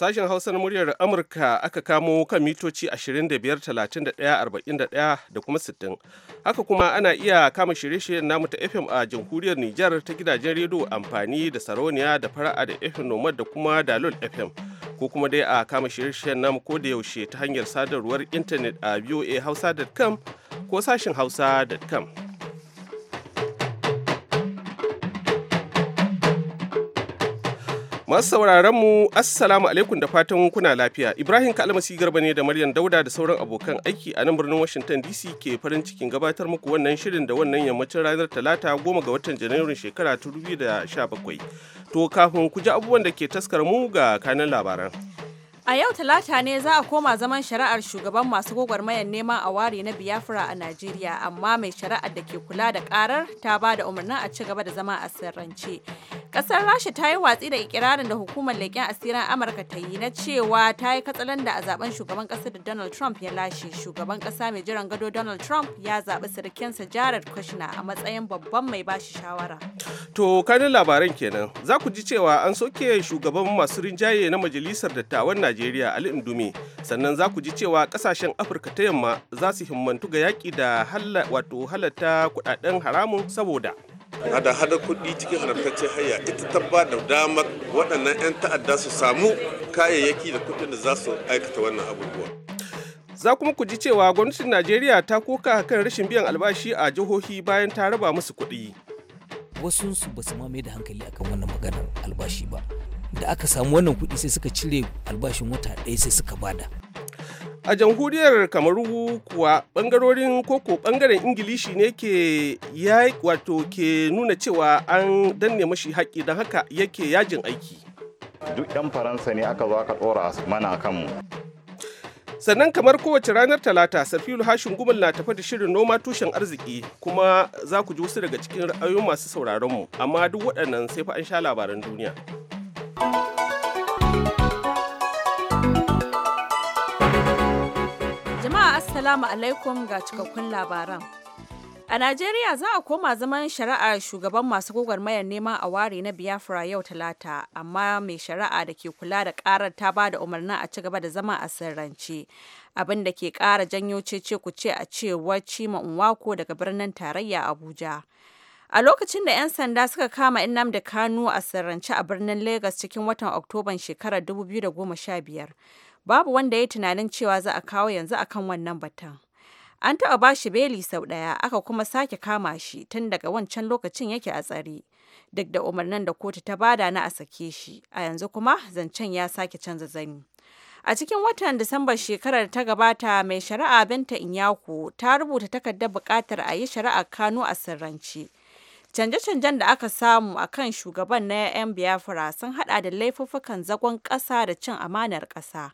Sashen Hausar muryar Amurka aka kamo kan mitoci 25,31,41 da kuma 60. Haka kuma ana iya kama shirye-shiryen namu ta FM a jamhuriyar Nijar ta gidajen rediyo amfani da Saroniya da Fara'a da FM Nomad da kuma Dalol FM. Ko kuma dai a kama shirye-shiryen namu ko da yaushe ta hanyar sadarwar intanet a hausa.com ko sashen hausa.com. Masu sauraron mu Assalamu alaikum da fatan kuna lafiya. Ibrahim Kalmasi Garba ne da Maryam Dauda da sauran abokan aiki a nan birnin Washington DC ke farin cikin gabatar muku wannan shirin da wannan yammacin ranar Talata goma ga watan Janairun shekara 2017. To kafin ku ji abubuwan da ke taskar mu ga kanun labaran. A yau talata ne za a koma zaman shari'ar shugaban masu gwagwarmayar neman a ware na Biafra a Najeriya, amma mai shari'ar da ke kula da karar ta ba da umarnin a ci gaba da zama a sirrance. Kasar Rasha ta yi watsi da ikirarin da hukumar leƙen asirin Amurka ta yi na cewa ta yi da a zaben shugaban ƙasar da Donald Trump ya lashe. Shugaban ƙasa mai jiran gado Donald Trump ya zaɓi sirikinsa Jared Kushner a matsayin babban mai bashi shawara. To kanin labaran kenan za ku ji cewa an soke shugaban masu rinjaye na majalisar dattawan Najeriya Ali Indumi sannan za ku ji cewa ƙasashen Afirka ta yamma za su himmantu ga yaƙi da wato halatta kuɗaɗen haramun saboda. hada-hada kuɗi cikin haramtacce haya ita ta ba da damar waɗannan 'yan ta'adda su samu kayayyaki da kuɗin da za su aikata wannan abubuwa. Za kuma ku ji cewa gwamnatin Najeriya ta koka kan rashin biyan albashi a jihohi bayan ta raba musu kuɗi. Wasu ba su ma mai da hankali akan wannan maganar albashi ba. Da aka samu wannan kuɗi sai suka cire albashin wata ɗaya sai suka bada. a jamhuriyar kamaru kuwa bangarorin koko bangaren ingilishi ne ke ya wato ke nuna cewa an danne mashi haƙƙi don haka yake yajin aiki duk 'yan faransa ne aka zo aka ɗora mana kanmu sannan kamar kowace ranar talata safilu hashin gumal na tafa da shirin noma tushen arziki kuma za ku ji wasu daga cikin ra'ayoyin masu sauraronmu amma duk waɗannan sai fa an sha labaran duniya. Assalamu alaikum ga cikakkun labaran. A Najeriya za a koma zaman shari'ar shugaban masu gwagwarmayar neman a ware na Biafra yau Talata, amma mai shari'a da ke kula da karar ta ba da umarnin a ci gaba da zama a sirrance. Abin da ke kara janyo cece ku ce a cewar Cima Nwako daga birnin tarayya Abuja. A lokacin da 'yan sanda suka kama da Kanu a sirrance a birnin Legas cikin watan Oktoban shekarar 2015, babu wanda ya yi tunanin cewa za a kawo yanzu akan wannan batun. An taɓa ba shi beli sau ɗaya aka kuma sake kama shi tun daga wancan lokacin yake a tsare. Duk da umarnin da kotu ta bada na a sake shi, a yanzu kuma zancen ya sake canza zani. A cikin watan Disambar shekarar ta gabata mai shari'a Binta Inyako ta rubuta takardar buƙatar a yi shari'ar Kano a sirrance. Canje-canjen da aka samu a kan shugaban na 'yan Biafra sun haɗa da laifuffukan zagon ƙasa da cin amanar ƙasa.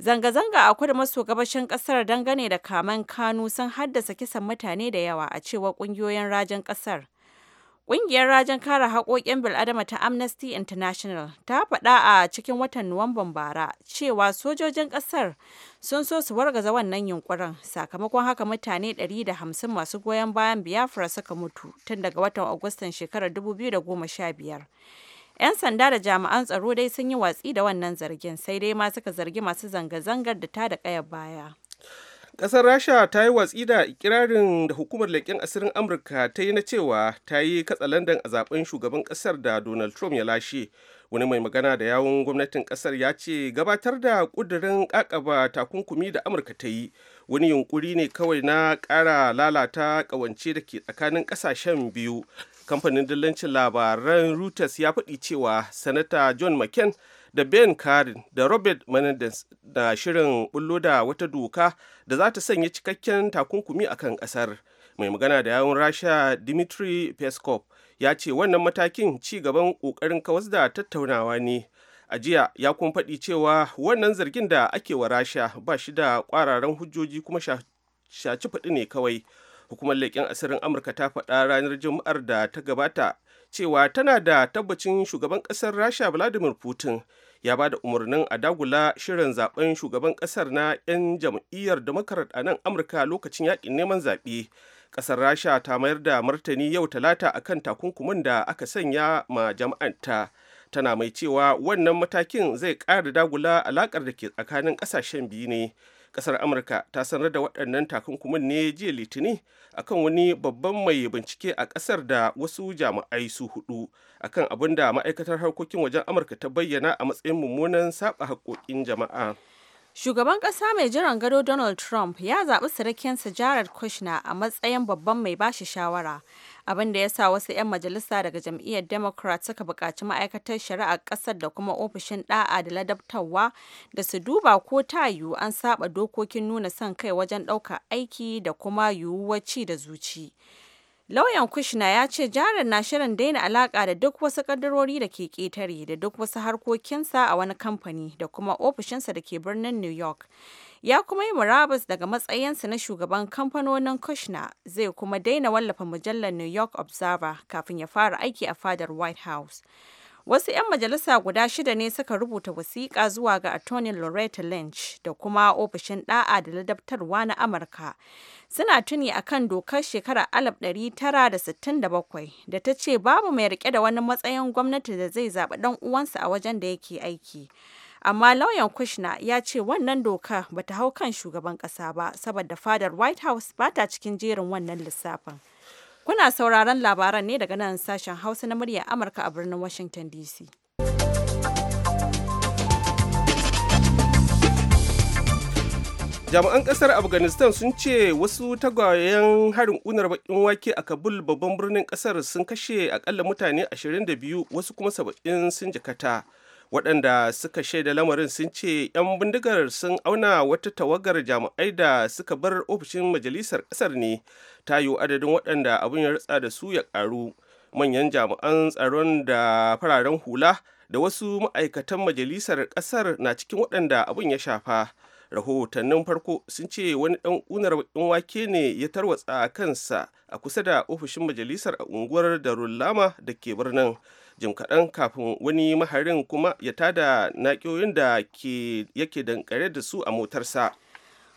Zanga-zanga a kudu maso gabashin kasar dangane da kamen kanu sun haddasa kisan mutane da yawa a cewa kungiyoyin rajin kasar. kungiyar rajin kare haƙoƙin bil'adama ta Amnesty International ta faɗa a cikin watan Nuwamban bara cewa sojojin ƙasar sun so su wargaza wannan yunkurin sakamakon haka mutane 150 masu goyon bayan Biafra suka mutu tun daga watan Agustan shekarar 2015. 'Yan sanda da jami'an tsaro dai sun yi watsi da wannan zargin sai dai ma suka zargi masu zanga-zangar da ta da kayar baya. Ƙasar Rasha ta yi watsi da ikirarin da hukumar leƙen asirin Amurka ta yi na cewa ta yi katsalandan a zaben shugaban ƙasar da Donald Trump ya lashe. Wani mai magana da yawun gwamnatin ƙasar ya ce gabatar da ƙudurin ƙaƙaba takunkumi da Amurka ta yi wani yunkuri ne kawai na ƙara lalata ƙawance da ke tsakanin ƙasashen biyu kamfanin dillancin labaran reuters ya faɗi cewa sanata john mccain da ben karin da robert menendez na shirin bullo da wata doka da za ta sanya cikakken takunkumi a kan ƙasar mai magana da yawun rasha dimitri peskov ya ce wannan matakin ci gaban ƙoƙarin kawas da tattaunawa ne a jiya ya kun faɗi cewa wannan zargin da ake wa rasha ba shi da ƙwararren hujjoji kuma shaci faɗi ne kawai hukumar leƙen asirin amurka ta faɗa ranar juma'ar da ta gabata cewa tana da tabbacin shugaban ƙasar rasha vladimir putin ya ba da umarnin a dagula shirin zaben shugaban ƙasar na 'yan jam'iyyar demokrat a nan amurka lokacin yaƙin neman zaɓe ƙasar rasha ta mayar da martani yau talata akan takunkumin da aka sanya ma jama'anta tana mai cewa wannan matakin zai ƙara dagula alaƙar da ke tsakanin ƙasashen biyu ne kasar amurka ta sanar da waɗannan takunkumin ne jiya litinin akan wani babban mai bincike a ƙasar da wasu jami'ai su hudu akan abin da ma'aikatar harkokin wajen amurka ta bayyana a matsayin mummunan saba haƙoƙin jama'a Shugaban ƙasa mai jiran gado Donald Trump ya zaɓi sarakin Jared Kushner a matsayin babban mai bashi shawara. abin da ya sa wasu 'yan majalisa daga jam'iyyar democrat suka buƙaci ma'aikatar shari'ar ƙasar da kuma ofishin ɗa'a da ladabtawa da su duba ko ta yiwu an saba dokokin nuna son kai wajen ɗaukar aiki da kuma yiwuwar ci da zuci lauyan kushna ya ce jarin na shirin daina alaƙa da duk wasu ƙaddarori da ke ƙetare da duk wasu harkokinsa a wani kamfani da kuma ofishinsa da ke birnin new york ya kuma yi murabus daga matsayinsa na shugaban kamfanonin kushner zai kuma daina wallafa mujallar new york observer kafin ya fara aiki a fadar white house wasu 'yan majalisa guda shida ne suka rubuta wasiƙa zuwa ga attorney loretta lynch da kuma ofishin ɗa'a da ladabtarwa na amurka suna tuni a kan dokar shekarar 1967 da ta ce babu mai rike da wani matsayin gwamnati da zai zaɓi ɗan uwansa a wajen da yake aiki amma lauyan kushner ya ce wannan doka ta hau kan shugaban kasa ba saboda fadar white house ba ta cikin jerin wannan lissafin kuna sauraron labaran ne daga nan sashen hausa na muryar amurka a birnin washington dc jami'an kasar afghanistan sun ce wasu tagwayen harin unar bakin wake a kabul babban birnin kasar sun kashe akalla mutane 22 wasu kuma 70 sun jikata waɗanda suka shaida lamarin sun ce 'yan bindigar sun auna wata tawagar jami'ai da suka bar ofishin majalisar ƙasar ne tayo adadin waɗanda abin ya ritsa da su ya ƙaru manyan jami'an tsaron da fararen hula da wasu ma'aikatan majalisar ƙasar na cikin waɗanda abin ya shafa rahotannin farko sun ce wani ɗan ƙunar baƙin wake ne ya tarwatsa kansa a kusa da ofishin majalisar a unguwar rullama da ke birnin jim kaɗan kafin wani maharin kuma ya tada naƙiyoyin da yake dankare da su a motarsa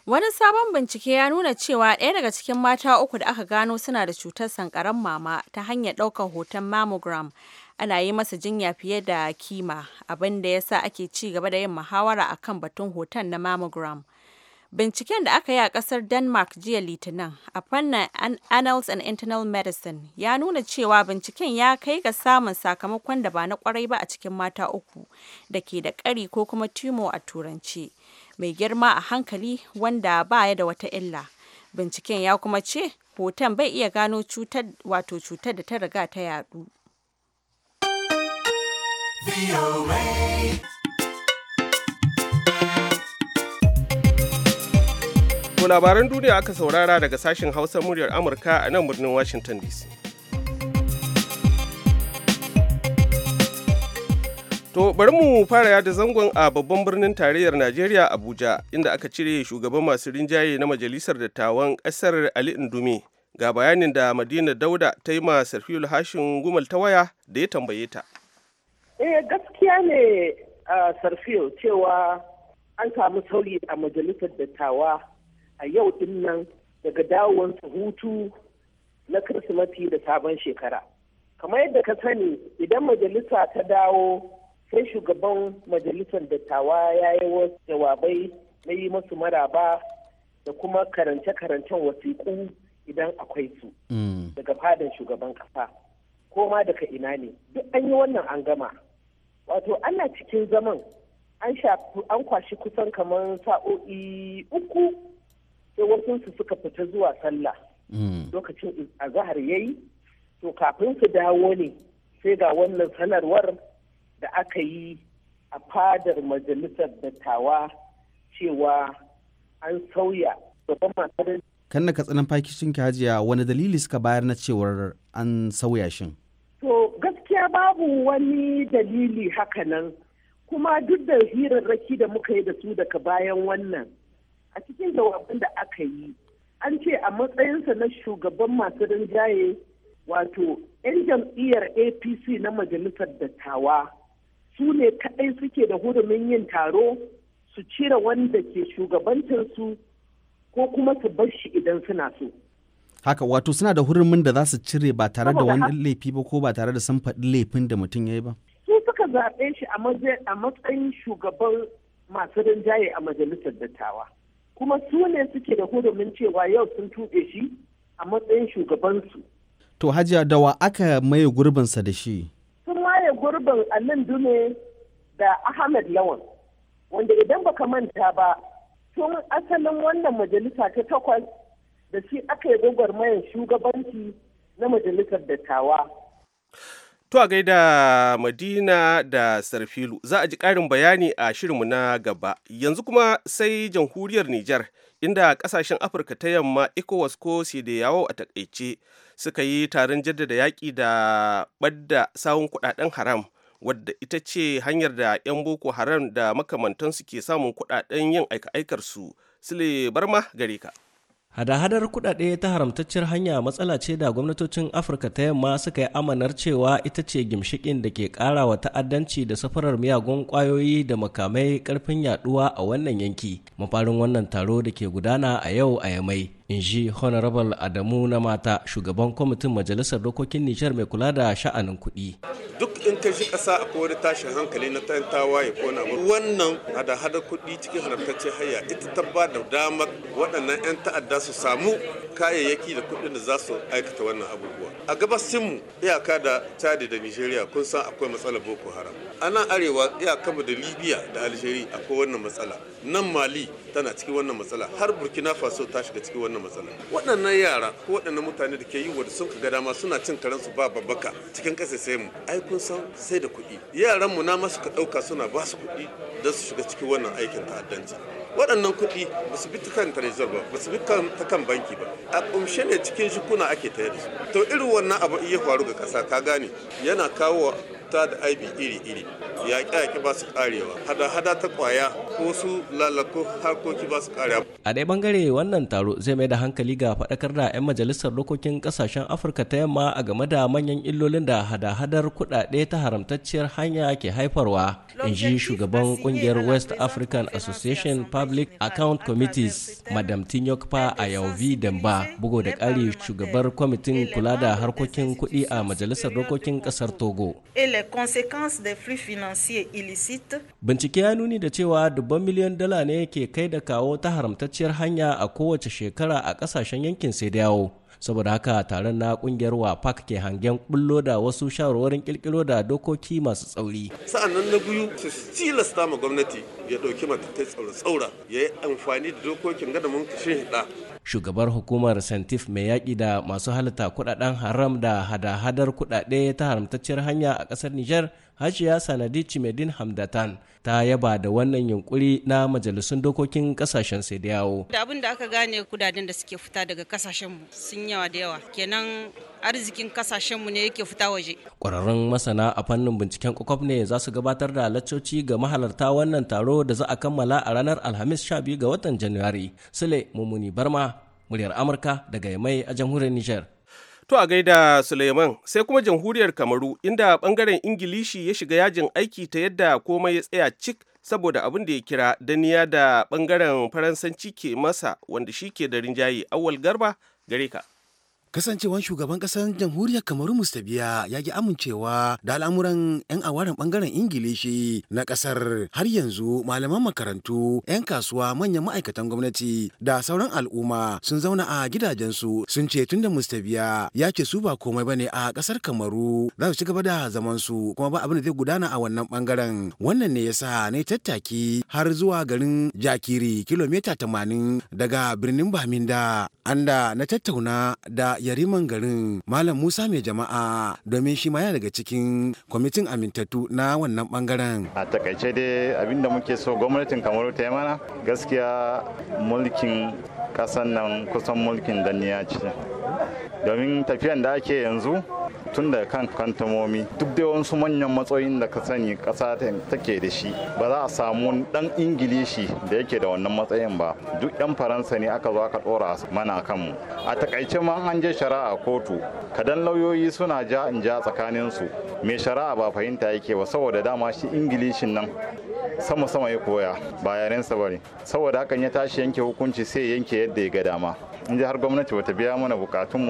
wani sabon bincike ya nuna cewa ɗaya daga cikin mata uku da aka gano suna da cutar sankaran mama ta hanyar ɗaukar hoton mammogram ana yi masa jinya fiye da kima abin da ya sa ake ci gaba da yin muhawara akan batun hoton na mammogram Binciken da aka yi a ƙasar Denmark jiya Litinin a fannin Annals and Internal Medicine ya nuna cewa binciken ya kai ga samun sakamakon da ba na kwarai ba a cikin mata uku da ke da ƙari ko kuma timo a turance mai girma a hankali wanda ba ya da wata illa. Binciken ya kuma ce hoton bai iya gano cutar wato cutar da ta riga ta yadu. To labaran duniya aka saurara daga sashen Hausa muryar Amurka a nan birnin Washington DC. To bari mu fara yada zangon a babban birnin tarayyar Najeriya Abuja inda aka cire shugaban masu rinjaye na majalisar dattawan ƙasar Ali Indume ga bayanin da Madina Dauda ta yi ma Sarfiyul Hashin Gumal ta waya da ya tambaye ta. Eh gaskiya ne a ah, Sarfiyo cewa an samu sauyi a majalisar dattawa a yau din nan daga dawowansa hutu na kirsimati da sabon shekara kamar yadda ka sani idan majalisa ta dawo sai shugaban majalisar dattawa ya yi wasu jawabai na yi masu maraba da kuma karance-karancen wasiƙu idan akwai su mm. daga fadin shugaban kasa ko ma daga ina ne duk an yi wannan an gama wato ana cikin zaman an kwashi kusan kamar sa'o'i uku sai wasu suka fita zuwa sallah hmm. lokacin a azahar yi, to kafin su dawo ne sai ga wannan sanarwar da aka yi a fadar majalisar dattawa cewa an sauya babban masu kan na katsinan fakishin hajiya wani dalili suka bayar na cewar an sauya shin to gaskiya babu wani dalili hakanan kuma duk da hirarraki da muka yi da su daga bayan wannan a cikin jawabin da aka yi an ce a matsayinsa na shugaban masu rinjaye wato 'yan jam'iyyar apc na majalisar dattawa su ne kaɗai suke da hurumin yin taro su cire wanda ke shugabancinsu ko kuma su bar shi idan suna so haka wato suna da hurumin da za su cire ba tare da wani laifi ba ko ba tare da sun faɗi laifin da mutum ya yi ba su suka zaɓe shi a matsayin shugaban masu rinjaye a majalisar dattawa kuma su ne suke da hudumin cewa yau sun tuɗe shi a matsayin shugabansu. To hajiya dawa aka maye gurbinsa da shi? Sun maye gurbin Alin Dume da Ahmed Lawan, wanda idan baka manta ba tun asalin wannan majalisa ta takwas da shi aka yi gwagwarmayar shugabanci na majalisar dattawa. To a gaida Madina da Sarfilu za a ji ƙarin bayani a shirinmu na gaba. Yanzu kuma sai jamhuriyar Nijar inda ƙasashen Afirka ta yamma ECOWAS ko yawo a takaice suka yi taron jaddada yaƙi da ɓadda sawun kuɗaɗen haram wadda ita ce hanyar da 'yan boko haram da makamantansu ke samun kuɗaɗen yin aika-aikarsu. Sule Barma gare ka. Hada-hadar kudade ta haramtaccen hanya matsala ce da gwamnatocin Afirka ta yamma suka yi amanar cewa ita ce gimshikin da ke kara wa ta'addanci da safarar miyagun kwayoyi da makamai karfin yaduwa a wannan yanki. Mafarin wannan taro da ke gudana a yau a Yamai in ji honorable adamu na mata shugaban kwamitin majalisar dokokin nijar mai kula da sha'anin kuɗi duk in ka shi ƙasa akwai wani tashin hankali na tayin tawaye ko na wannan hada-hada kuɗi cikin halartacce haya ita ta ba da damar waɗannan 'yan ta'adda su samu kayayyaki da kuɗin da za su aikata wannan abubuwa a gabasinmu iyaka da chadi da nigeria kun san akwai matsalar boko haram a nan arewa kama da libya da algeria akwai wannan matsala nan mali tana cikin wannan matsala har burkina faso ta shiga cikin wannan matsala waɗannan yara ko waɗannan mutane da ke yi wadda sun ga dama suna cin su ba babbaka cikin ƙasa sai mu ai kun san sai da kuɗi yaran mu na masu ka ɗauka suna ba su kuɗi don su shiga cikin wannan aikin ta'addanci waɗannan kuɗi ba su bi ta kan trezor ba ba su bi ta kan banki ba a ƙumshe ne cikin shukuna ake tayar da su to irin wannan abu iya faru ga ƙasa ka gane yana kawo ta da IB iri-iri ba su ƙarewa hada-hada ta kwaya ko su lalako harkoki ba su ƙarewa. a ɗaya ɓangare wannan taro zai mai da hankali ga faɗakar da 'yan majalisar dokokin ƙasashen afirka ta yamma a game da manyan illolin da hada-hadar kuɗaɗe ta haramtacciyar hanya ke haifarwa in ji shugaban ƙungiyar west african association public account committees madam tinyokpa ayovi demba bugu da ƙari shugabar kwamitin kula da harkokin kuɗi a majalisar dokokin ƙasar togo. les conséquences des flux financiers illicites. Bincike ya nuni da cewa dubban miliyan dala ne ke kai da kawo ta haramtacciyar hanya a kowace shekara a kasashen yankin sai da yawo. Saboda haka taron na kungiyar WAPAC ke hangen bullo da wasu shawarwarin kirkiro da dokoki masu tsauri. Sa'annan na biyu su tilasta ma gwamnati ya ɗauki matattai tsaura ya yi amfani da dokokin gada mun kashin hida shugabar hukumar santif mai yaƙi da masu halitta kudaden haram da hada-hadar kudade ta haramtacciyar hanya a ƙasar niger hajiya sanadi cimedin hamdatan ta yaba da wannan yunkuri na majalisun dokokin kasashen sai da yawo da abin da aka gane kudaden da suke fita daga kasashen sun yawa da yawa kenan arzikin kasashen mu ne yake fita waje kwararrun masana a fannin binciken kwakwaf ne za su gabatar da halaccoci ga mahalarta wannan taro da za a kammala a ranar alhamis 12 ga watan janairu sule mumuni barma muryar amurka daga mai a jamhuriyar nijar To a gaida Suleiman sai kuma jamhuriyar Kamaru inda bangaren Ingilishi ya shiga yajin aiki ta yadda komai ya tsaya cik saboda abin da ya kira daniya da bangaren Faransanci ke masa wanda shi ke da rinjaye awal garba gare ka. kasancewan shugaban kasar jamhuriyar kamaru mustabiya ya ki amincewa da al'amuran 'yan awaren bangaren ingilishi na kasar har yanzu malaman makarantu 'yan kasuwa manyan ma'aikatan gwamnati da sauran al'umma sun zauna a gidajensu sun ce tunda mustabiya ya ce su ba komai bane a kasar kamaru za su ci gaba da zaman su kuma ba abin da zai gudana a wannan bangaren wannan ne yasa na tattaki har zuwa garin jakiri kilomita 80 daga birnin baminda anda na tattauna da yariman garin Malam Musa mai jama'a domin shi ma ya daga cikin kwamitin amintattu na wannan bangaren. A takaice dai abinda muke so gwamnatin Kamaru ta yi mana gaskiya mulkin kasan nan kusan mulkin danniya ce. Domin tafiyan da ake yanzu tun da kan kantamomi duk da wasu manyan matsayin da ka sani kasa take da shi ba za a samu dan ingilishi da yake da wannan matsayin ba duk yan faransa ne aka zo aka dora mana kanmu a takaice ma an je shari'a kotu kadan lauyoyi suna ja in ja tsakanin su mai shari'a ba fahimta yake ba saboda dama shi ingilishin nan sama sama ya koya ba yarensa bane saboda hakan ya tashi yanke hukunci sai yanke yadda ya ga dama in ji har gwamnati bata biya mana mu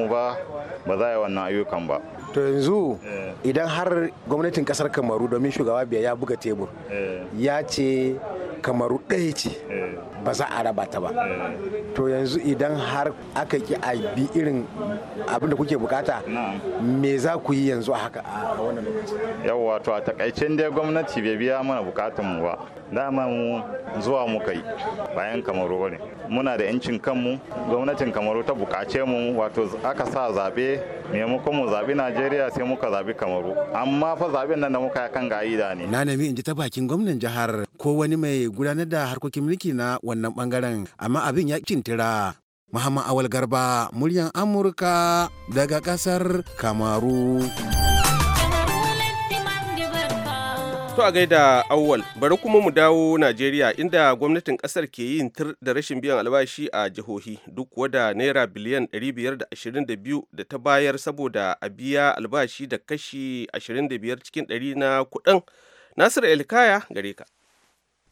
ba ba za a yi wannan ayyukan ba to yanzu eh. idan har gwamnatin kasar kamaru domin shugaba biya ya buga tebur eh. ya ce kamaru ɗaya ce eh. ba za a raba ta ba to yanzu idan har aka ki a bi irin abin da kuke bukata me za ku yi yanzu a haka a wannan lokaci yawa to a takaicen dai gwamnati bai biya mana mu ba dama mu zuwa muka yi bayan kamaru bane muna da yancin kanmu gwamnatin kamaru ta bukace mu wato aka sa zaɓe maimakon mu zaɓi najeriya sai muka zaɓi kamaru amma fa zaɓen nan da muka yi kan ga'ida ne na nemi in ji ta bakin gwamnan jihar ko wani mai gudanar da harkokin mulki na wannan bangaren amma abin ya cintira Muhammad Awal Garba, muryan Amurka daga kasar Kamaru. To a gaida awwal bari kuma mu dawo Najeriya inda gwamnatin kasar ke yin tir da rashin biyan albashi a jihohi duk wada naira biliyan 522 da ta bayar saboda a biya albashi da kashi 25 cikin 100 na kudin. Nasiru Elkaya gare ka.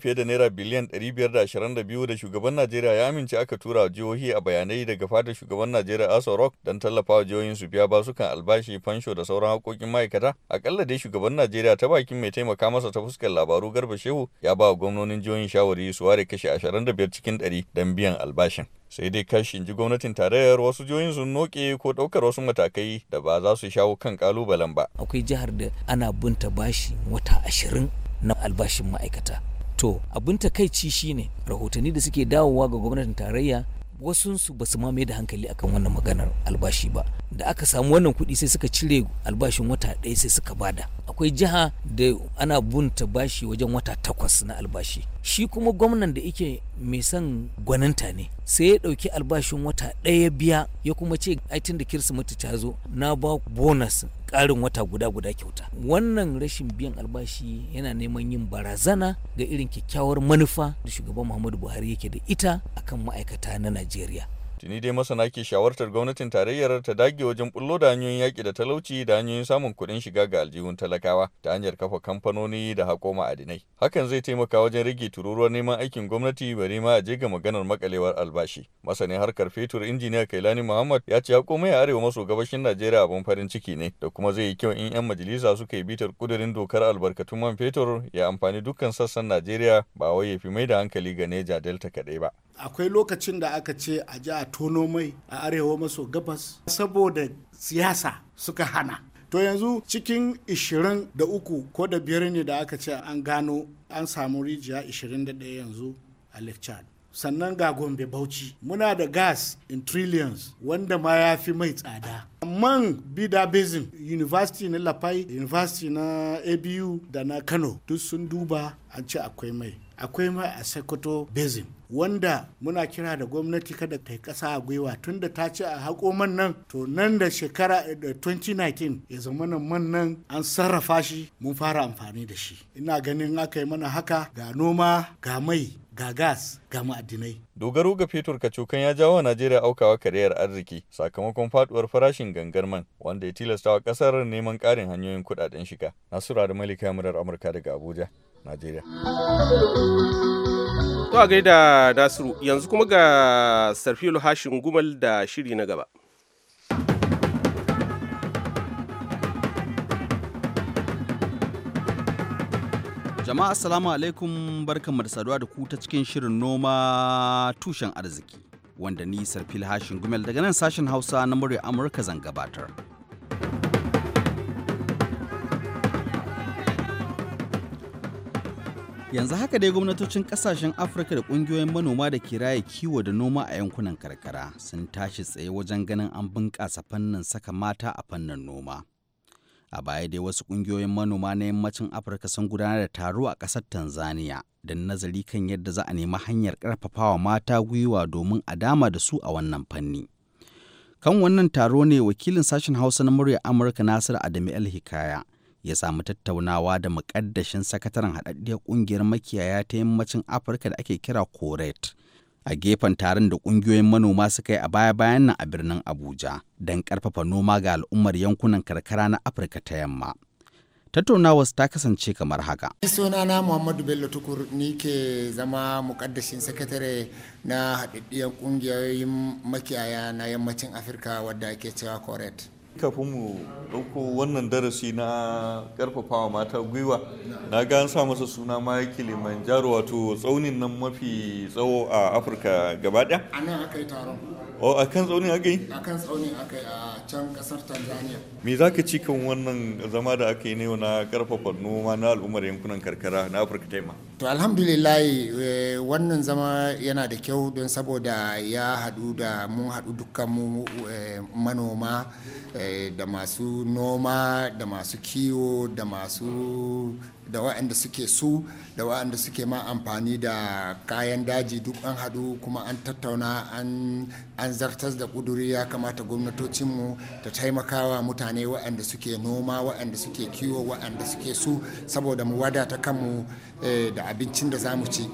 fiye da naira biliyan 522 da shugaban Najeriya ya amince aka tura jihohi a bayanai daga fadar shugaban Najeriya Aso Rock don tallafawa jihohin su biya basukan albashi, fansho da sauran hakokin ma'aikata. Akalla dai shugaban Najeriya ta bakin mai taimaka masa ta fuskar labaru Garba Shehu ya ba wa gwamnonin jihohin shawari su ware kashi 25 cikin 100 don biyan albashin. sai dai kashi ji gwamnatin tarayyar wasu jihohin sun noke ko ɗaukar wasu matakai da ba za su shawo kan kalubalen ba akwai jihar da ana bunta bashi wata ashirin na albashin ma'aikata to abin takaici shine rahotanni da suke dawowa ga gwamnatin tarayya wasunsu ba su mamaye da hankali akan wannan maganar albashi ba da aka samu wannan kuɗi sai suka cire albashin wata ɗaya sai suka bada akwai jiha da ana bunta bashi wajen wata takwas na albashi shi kuma gwamnan da yake mai son gwaninta ne sai ya ɗauki albashin wata ɗaya biya ya kuma ce aitin da kirsimeti ta zo na ba bonus Karin wata guda guda kyauta wannan rashin biyan albashi yana neman yin barazana ga irin kyakkyawar manufa da shugaban muhammadu buhari yake da ita akan ma'aikata na najeriya Tuni dai masana ke shawartar gwamnatin tarayyar ta dage wajen bullo da hanyoyin yaƙi da talauci da hanyoyin samun kuɗin shiga ga aljihun talakawa ta hanyar kafa kamfanoni da haƙo ma'adinai. Hakan zai taimaka wajen rage tururuwar neman aikin gwamnati bare ma a je ga maganar makalewar albashi. Masanin harkar fetur injiniya Kailani Muhammad ya ce haƙo mai arewa maso gabashin Najeriya abin farin ciki ne da kuma zai yi kyau in 'yan majalisa suka yi bitar kudirin dokar albarkatun man fetur ya amfani dukkan sassan Najeriya ba wai ya fi mai da hankali ga Neja Delta kaɗai ba. Akwai lokacin da aka ce a ji a tono mai a arewa maso gabas saboda siyasa suka hana to yanzu cikin 23 ko da biyar ne da aka ce an gano an samu rijiya 21 yanzu a lake chad sannan ga gombe bauchi muna da gas in trillions wanda ma ya fi mai tsada man bida basin university na lafai university na abu da na kano duk sun duba an ce akwai mai akwai mai a sekoto basin wanda muna kira da gwamnati kada ta yi ƙasa a gwiwa tunda ta ce a haƙo man nan to nan da shekara 2019 ya zama nan man nan an sarrafa shi mun fara amfani da shi ina ganin aka yi mana haka ga noma ga mai ga gas ga ma'adinai. Dogaro ga fetur kacokan ya jawo Najeriya aukawa kariyar arziki sakamakon faduwar farashin gangar man wanda ya tilastawa kasar neman karin hanyoyin kudaden shiga. Nasura da Malika Murar Amurka daga Abuja, Najeriya. To a gaida Nasiru yanzu kuma ga Sarfilu Hashin Gumal da shiri na gaba. Jama'a Assalamu alaikum barkanmu da saduwa da ku ta cikin shirin noma tushen arziki wanda ni Sarfil Hashin Gumel daga nan sashen Hausa na murya Amurka zan gabatar. yanzu haka dai gwamnatocin kasashen afirka da kungiyoyin manoma da ke raya kiwo da noma a yankunan karkara sun tashi tsaye wajen ganin an bunƙasa fannin saka mata a fannin noma a baya dai wasu kungiyoyin manoma na yammacin afirka sun gudanar da taro a ƙasar tanzania don nazari kan yadda za a nemi hanyar ƙarfafawa mata gwiwa domin a dama da su a wannan fanni kan wannan taro ne wakilin sashen hausa na murya amurka nasir adamu el hikaya ya samu tattaunawa da muƙaddashin sakataren haɗaɗɗiyar ƙungiyar makiyaya ta yammacin afirka da ake kira coret a gefen taron da ƙungiyoyin manoma suka yi a baya-bayan nan a birnin abuja don ƙarfafa noma ga al'ummar yankunan karkara na afirka ta yamma tattaunawar ta kasance kamar haka. sunana muhammadu bello tukur ni ke zama mukaddashin sakatare na haɗaɗɗiyar ƙungiyoyin makiyaya na yammacin afirka wadda ake cewa coret kafin mu ɗauko wannan darasi na ƙarfafawa mata gwiwa na ga an sa masa suna ma kilimanjaro wato tsaunin nan mafi tsawo a afirka gaba ɗaya a nan aka yi taron o a kan tsaunin aka yi a kan tsaunin aka yi a can ƙasar tanzania me za ka ci kan wannan zama da aka yi na na ƙarfafa noma na al'ummar yankunan karkara na afirka ta yamma to alhamdulillah eh, wannan zama yana da kyau don saboda ya haɗu da mun haɗu dukkan mu eh, manoma eh, Eh, da masu noma da masu kiwo da masu da waɗanda suke su da waɗanda suke ma amfani da kayan daji duk an haɗu kuma an tattauna an zartas da ƙuduri ya kamata gwamnatocinmu ta taimakawa mutane waɗanda suke noma waɗanda suke kiwo waɗanda suke su saboda mu wadata kanmu eh, da abincin da za mu ci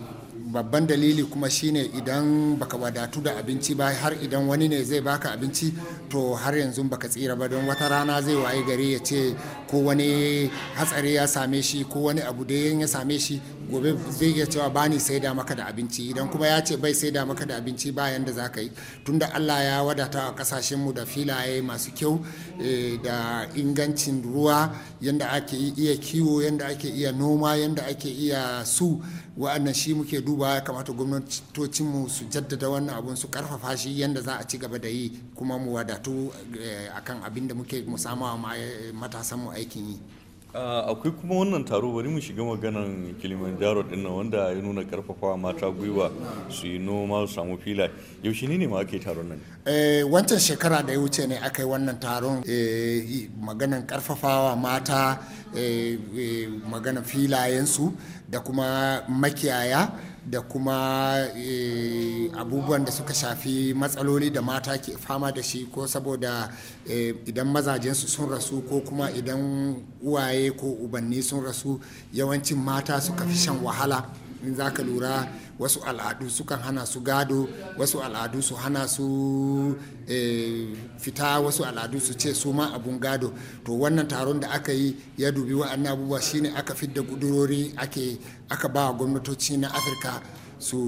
babban dalili kuma shine idan baka wadatu da abinci ba har idan wani ne zai baka abinci to har yanzu baka tsira ba don wata rana zai waye gari ya ce ko wani hatsari ya same shi ko wani abu da ya same shi gobe zai iya cewa bani sai da maka da abinci idan kuma ya ce bai da maka da abinci ba bayan za ka yi tunda Allah ya wadata a kasashen mu da filaye masu kyau eh, da ingancin ruwa yanda ake iya kiwo yanda ake iya noma yanda ake iya su wa'annan shi muke duba ya kamata gwamnatocinmu su jaddada wannan abun su karfafa shi yadda za a ci gaba da yi kuma mu wadatu eh, a kan abin da muke mu samawa eh, matasanmu aikin yi ah, akwai kuma wannan taro bari mu shiga maganan kilimanjaro din nan wanda ya nuna karfafawa mata gwiwa su yi noma su samu fila yaushe ne ma ake taron nan eh, wancan shekara da ya wuce ne aka yi wannan taron maganan karfafawa mata maganan filayensu da kuma makiyaya da kuma e, abubuwan da suka shafi matsaloli da mata ke fama da shi ko saboda e, idan mazajensu sun rasu ko kuma idan uwaye ko ubanni sun rasu yawancin mata suka fi shan wahala in za ka lura wasu al'adu sukan hana su gado wasu al'adu su hana su eh, fita wasu al'adu su ce su ma abun gado to wannan taron da aka yi ya dubi wa'annan abubuwa shine aka fidda kudurori aka ba gwamnatoci na afirka su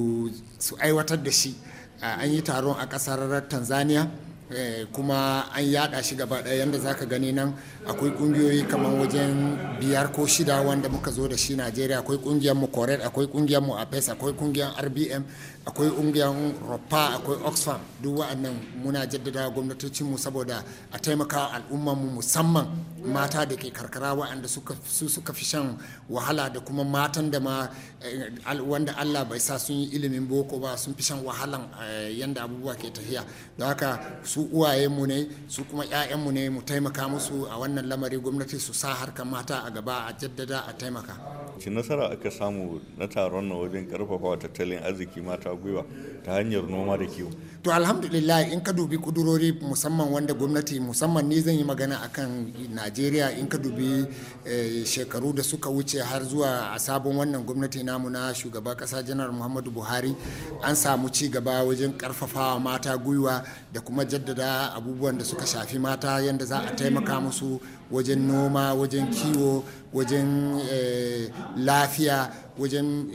aiwatar da shi an yi taron a ƙasar tanzania Eh, kuma an yada shi gaba ɗaya yadda za ka gani nan akwai kungiyoyi kamar wajen biyar ko shida wanda muka zo da shi najeriya akwai kungiyar mu coret akwai kungiyar mu apes akwai kungiyar rbm akwai ungiyan rufa akwai oxfam duk wa'annan muna jaddada gwamnatocinmu saboda a taimaka al'ummanmu musamman mata da ke karkara wa'anda su suka fi shan wahala da kuma matan da ma eh, wanda allah bai sa sun yi ilimin boko ba sun fi shan wahalan eh, yanda abubuwa ke tafiya don haka su uwayenmu ne su kuma 'ya'yanmu ne mu taimaka musu a wannan lamari gwamnati su sa harkar mata a gaba a jaddada a taimaka. ci nasara aka samu na taron na wajen karfafa tattalin arziki mata gwiwa ta hanyar noma da kiwo to alhamdulillah in ka dubi kudurori musamman wanda gwamnati musamman ni zan yi magana a kan najeriya in ka dubi eh, shekaru da suka wuce har zuwa a sabon wannan gwamnati namu na shugaba kasa janar muhammadu buhari an samu ci gaba wajen karfafawa mata gwiwa da kuma jaddada abubuwan da suka shafi mata yadda za a taimaka musu wajen noma wajen kiwo wajen eh, lafiya wajen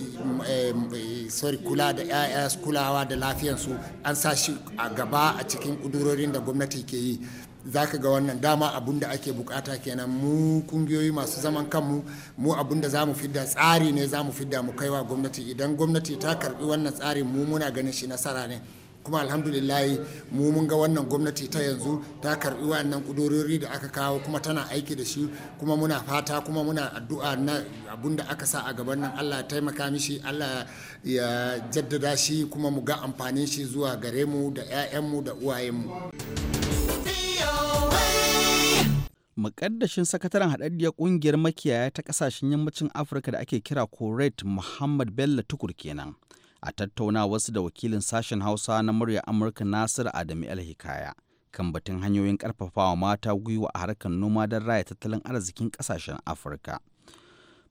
eh, kula da 'ya'ya kulawa da lafiyansu an sa shi a gaba a cikin ƙudurorin da gwamnati ke yi za ka ga wannan dama abun da ake bukata kenan mu kungiyoyi masu zaman kanmu mu abun da za mu fidda tsari ne za mu fidda mu kaiwa gwamnati idan gwamnati ta karbi wannan tsarin mu muna ganin shi nasara ne kuma alhamdulillahi mu mun ga wannan gwamnati ta yanzu ta karbi wannan kudurori da aka kawo kuma tana aiki da shi kuma muna fata kuma muna addu'a na abun da aka sa a gaban nan Allah ya taimaka mishi Allah ya jaddada shi kuma mu ga amfanin shi zuwa gare mu da mu da uwayenmu. Mukaddashin sakataren haɗaɗɗiyar ƙungiyar makiyaya ta ƙasashen yammacin Afirka da ake kira Koret Muhammad Bello Tukur kenan. a tattauna wasu da wakilin sashen hausa na murya amurka nasir adami hikaya. kan batun hanyoyin karfafawa mata gwiwa a harkar noma don raya tattalin arzikin kasashen afirka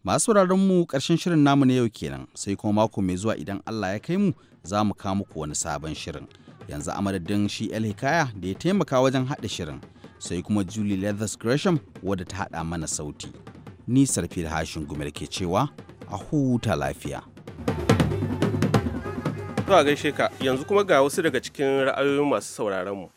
masu mu karshen shirin namu na yau kenan sai kuma mako mai zuwa idan allah ya kai mu za mu kawo muku wani sabon shirin yanzu a shi shi hikaya da ya taimaka wajen haɗa shirin sai kuma julie leathers gresham wadda ta haɗa mana sauti ni sarfil hashin gumel ke cewa a huta lafiya To a gaishe ka yanzu kuma ga wasu daga cikin ra'ayoyin masu sauraron mu.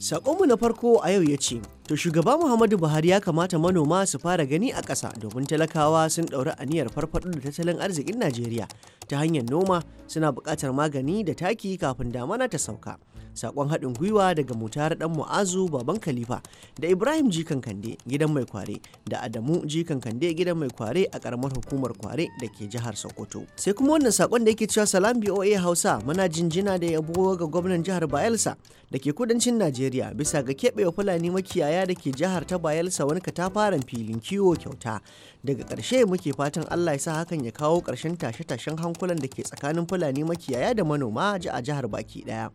Sakonmu na farko a yau ya ce, To shugaba Muhammadu Buhari ya kamata manoma su fara gani a ƙasa domin talakawa sun ɗauri aniyar farfaɗo da tattalin arzikin Najeriya ta hanyar noma suna buƙatar magani da taki kafin damana ta sauka. sakon haɗin gwiwa daga mutar dan mu'azu baban khalifa da ibrahim jikan kande gidan mai kware da adamu jikan kande gidan mai kware a karamar hukumar kware da ke jihar sokoto sai kuma wannan sakon da yake cewa salam boa hausa muna jinjina da ya yabo ga gwamnan jihar bayelsa da ke kudancin najeriya bisa ga keɓewa fulani makiyaya da ke jihar ta bayelsa wani katafaren filin kiwo kyauta daga ƙarshe muke fatan allah ya sa hakan ya kawo ƙarshen tashe-tashen hankulan da ke tsakanin fulani makiyaya da manoma a jihar baki ɗaya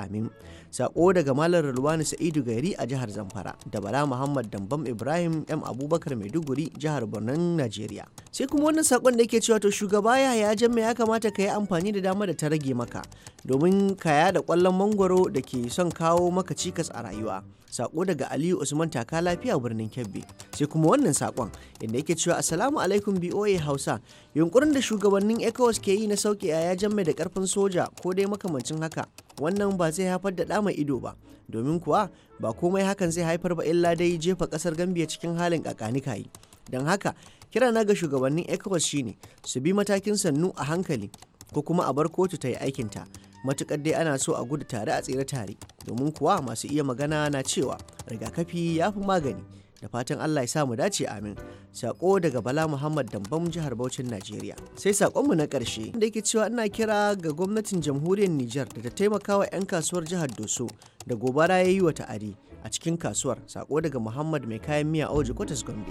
amin sako daga malam rulwani sa'idu gairi a jihar zamfara da bala muhammad dambam ibrahim m abubakar maiduguri jihar borno najeriya sai kuma wannan sakon da yake cewa to shugaba ya ya jan ya kamata ka yi amfani da dama da ta rage maka domin kaya da kwallon mangwaro da ke son kawo maka cikas a rayuwa sako daga aliyu usman taka lafiya birnin kebbi sai kuma wannan sakon inda yake cewa assalamu alaikum boa hausa yunkurin da shugabannin ecowas ke yi na sauke yaya jamme da karfin soja ko dai makamancin haka wannan ba zai haifar da dama ido ba domin kuwa ba komai hakan zai haifar ba illa dai jefa kasar gambia cikin halin kakanikayi don haka kira na ga shugabannin ecowas shine su bi matakin sannu a hankali ko kuma a bar kotu ta yi aikinta matuƙar dai ana so a gudu tare a tsere tare domin kuwa masu iya magana na cewa rigakafi ya fi magani da fatan Allah ya sa mu dace amin sako daga Bala Muhammad Dambam jihar Bauchin Najeriya sai sakonmu na karshe da yake cewa ina kira ga gwamnatin jamhuriyar Nijar da ta taimaka wa 'yan kasuwar jihar Doso da gobara ya yi wa ta'adi a cikin kasuwar sako daga Muhammad mai kayan miya Auji Kwatas Gombe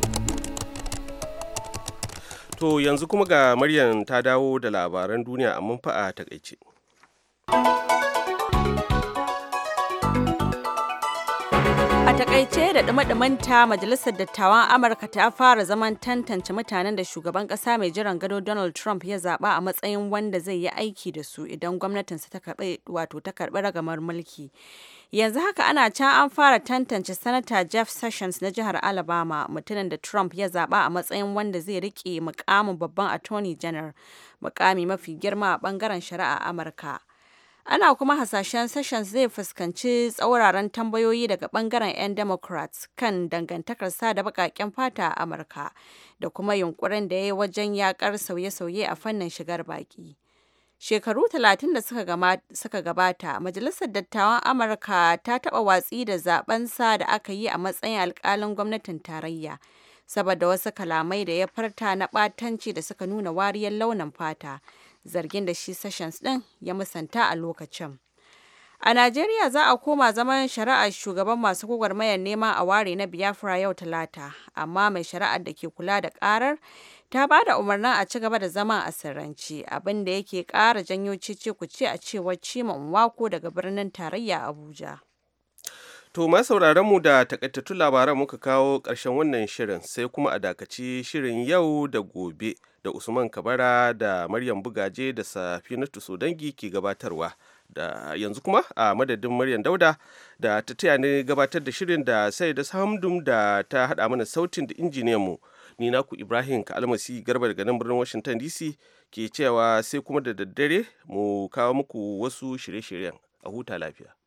To yanzu kuma ga Maryam ta dawo da labaran duniya amma fa a takaice. A takaice da ɗumaɗumanta Majalisar Dattawan Amurka ta fara zaman tantance mutanen da shugaban ƙasa mai jiran gado Donald Trump ya zaɓa a matsayin wanda zai yi aiki da su idan gwamnatinsa ta karɓi wato ta karɓi ragamar mulki. Yanzu haka ana can an fara tantance Sanata Jeff Sessions na jihar Alabama mutumin da Trump ya zaɓa a matsayin wanda zai riƙe mukamin babban Attorney General mukami mafi girma a ɓangaren shari'a Amurka. Ana kuma hasashen Sessions zai fuskanci tsauraran tambayoyi daga bangaren 'yan Democrats kan dangantakarsa da baƙaƙen fata a Amurka da kuma yunkurin da ya yi wajen yakar sauye-sauye a fannin shigar baƙi. Shekaru talatin da suka gabata, Majalisar Dattawan Amurka ta taɓa watsi da sa da aka yi a matsayin alkalin gwamnatin tarayya saboda wasu kalamai da ya farta na ɓatanci da suka nuna wariyar launin fata. zargin da shi Sessions din ya musanta a lokacin. A Najeriya za a koma zaman shari'ar shugaban masu gwagwarmayar neman a ware na Biafra yau Talata, amma mai shari'ar da ke kula da karar ta ba da umarnin a ci gaba da zaman a sirrance, abin da yake kara janyo cece ce a cewar Cima wako daga birnin tarayya Abuja. To ma sauraron mu da takaitattun labaran muka kawo ƙarshen wannan shirin sai kuma a dakaci shirin yau da gobe da usman kabara da maryam bugaje da safinatu sodangi ke gabatarwa da yanzu kuma a madadin maryam dauda da ta taya ni gabatar da shirin da sai da samdum da ta hada mana sautin da injiniyan mu ni naku ibrahim kalmasi garba daga nan birnin washington dc ke cewa sai kuma da daddare mu kawo muku wasu shirye-shiryen a huta lafiya